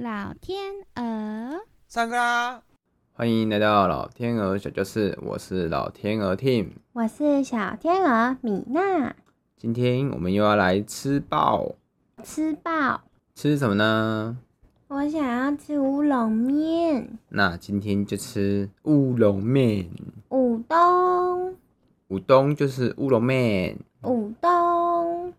老天鵝，上課啦！歡迎來到老天鵝小教室，我是老天鵝 Tim，我是小天鵝米娜。今天我們又要來吃爆，吃爆，吃什麼呢？我想要吃烏龍麵，那今天就吃烏龍麵。烏冬，烏冬就是烏龍麵。烏冬，烏冬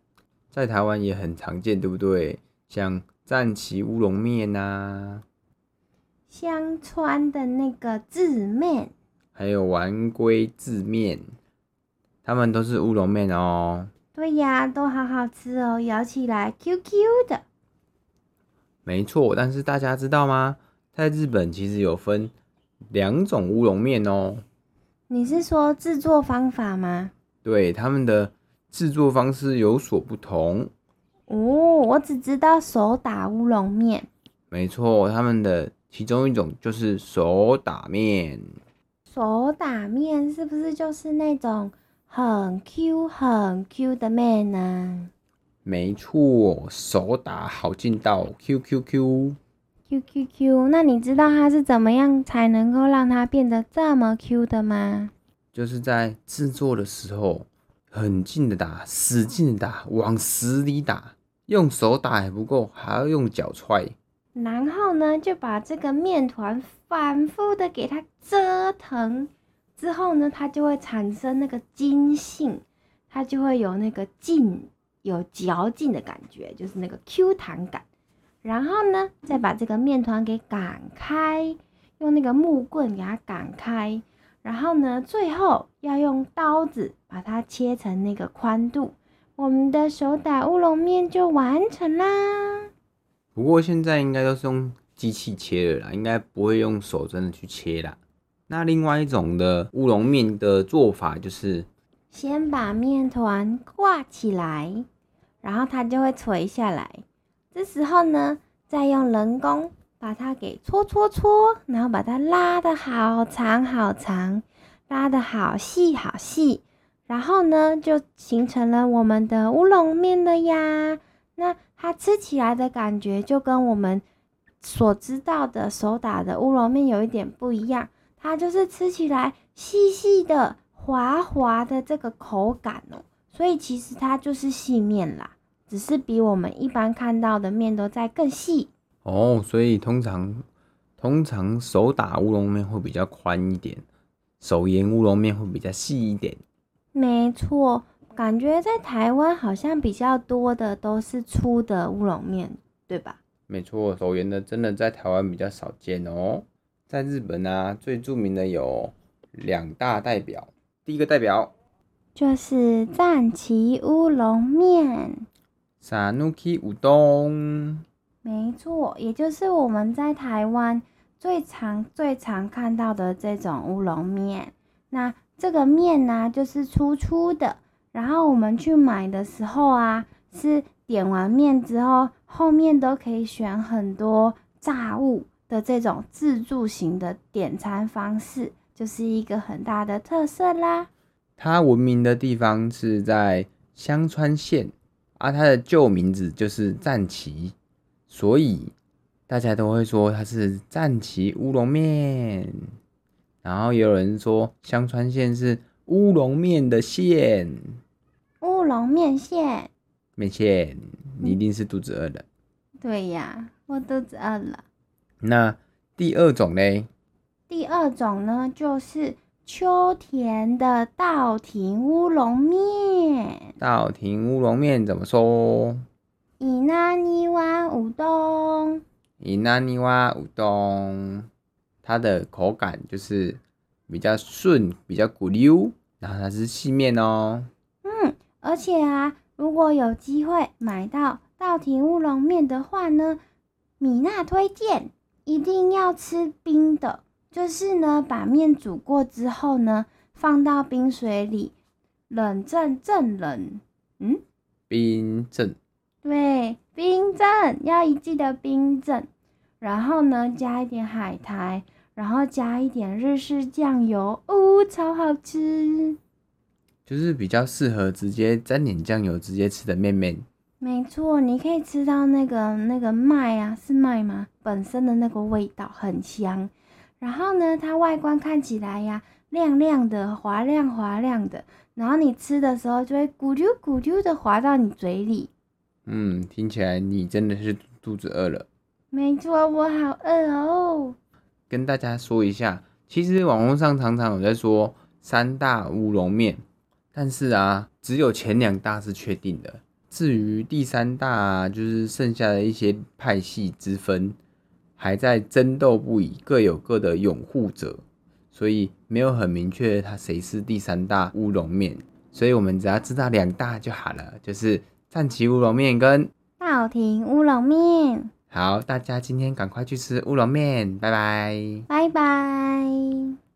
在台灣也很常見，對不對？像，.讚岐烏龍麵吶，香川的那個製麵，還有丸龜製麵，他們都是烏龍麵哦。對呀、啊，都好好吃哦，咬起來 Q Q 的。沒錯，但是大家知道嗎？在日本其實有分兩種烏龍麵哦。你是說製作方法嗎？對，他們的製作方式有所不同。哦，我只知道手打烏龍麵。沒錯，他們的其中一種就是手打麵。手打麵是不是就是那種很 Q 很 Q 的麵呢？沒錯，手打好勁道，Q Q Q Q Q Q。Q Q Q，那你知道它是怎麼樣才能夠讓它變得這麼 Q 的嗎？就是在製作的時候很勁的打，使勁的打，往死裡打。用手打還不夠，還要用腳踹。然後呢，就把這個麵團反復的給它折騰，之後呢，它就會產生那個筋性，它就會有那個勁，有嚼勁的感覺，就是那個 Q 彈感。然後呢，再把這個麵團給擀開，用那個木棍給它擀開。然後呢，最後要用刀子把它切成那個寬度。我們的手打烏龍麵就完成啦。不過現在應該都是用機器切的啦，應該不會用手真的去切啦。那另外一種的烏龍麵的做法就是，先把麵糰掛起來，然後它就會垂下來。這時候呢，再用人工把它給搓搓搓，然後把它拉得好長好長，拉得好細好細。然後呢，就形成了我們的烏龍麵了呀。那它吃起來的感覺就跟我們所知道的手打的烏龍麵有一點不一樣，它就是吃起來細細的、滑滑的這個口感哦。所以其實它就是細麵啦，只是比我們一般看到的麵都再更細哦。所以通常，通常手打烏龍麵會比較寬一點，手延烏龍麵會比較細一點。沒錯，感覺在台灣好像比較多的都是粗的烏龍麵，對吧？沒錯，柔圓的真的在台灣比較少見哦。在日本呢、啊，最著名的有兩大代表，第一個代表就是讚岐烏龍麵，讚岐烏冬。沒錯，也就是我們在台灣最常、最常看到的這種烏龍麵，那。這個麵呢、啊，就是粗粗的，然後我們去買的時候啊，是點完麵之後，後面都可以選很多炸物的這種自助型的點餐方式，就是一個很大的特色啦。它聞名的地方是在香川縣，而它、啊、的舊名字就是讚岐，所以大家都會說它是讚岐烏龍麵。然後也有人說，香川縣是烏龍麵的縣。烏龍面縣，面縣，你一定是肚子餓了。嗯。對呀，我肚子餓了。那第二種呢？第二種呢，就是秋田的稻庭烏龍麵。稻庭烏龍面怎麼說？伊那尼瓦烏冬。伊那尼瓦烏冬。它的口感就是比較順，比較古溜，然後它是細麵哦。嗯，而且啊，如果有機會買到稻庭烏龍麵的話呢，米娜推薦一定要吃冰的，就是呢把麵煮過之後呢，放到冰水裡冷鎮鎮冷，嗯，冰鎮鎮，對，冰鎮要一記得冰鎮，然後呢加一點海苔。然後加一點日式醬油，哦，超好吃！就是比較適合直接沾點醬油直接吃的麵麵。沒錯，你可以吃到那個那個麥啊，是麥嗎？本身的那個味道很香。然後呢，它外觀看起來呀，亮亮的，滑亮滑亮的。然後你吃的時候就會咕啾咕啾的滑到你嘴裡。嗯，聽起來你真的是肚子餓了。沒錯，我好餓哦。跟大家說一下，其實網絡上常常有在說三大烏龍麵，但是啊，只有前兩大是確定的，至於第三大啊，就是剩下的一些派系之分，還在爭鬥不已，各有各的擁護者，所以沒有很明確他誰是第三大烏龍麵，所以我們只要知道兩大就好了，就是讚岐烏龍麵跟稻庭烏龍麵。好，大家今天趕快去吃烏龍麵，拜拜，拜拜。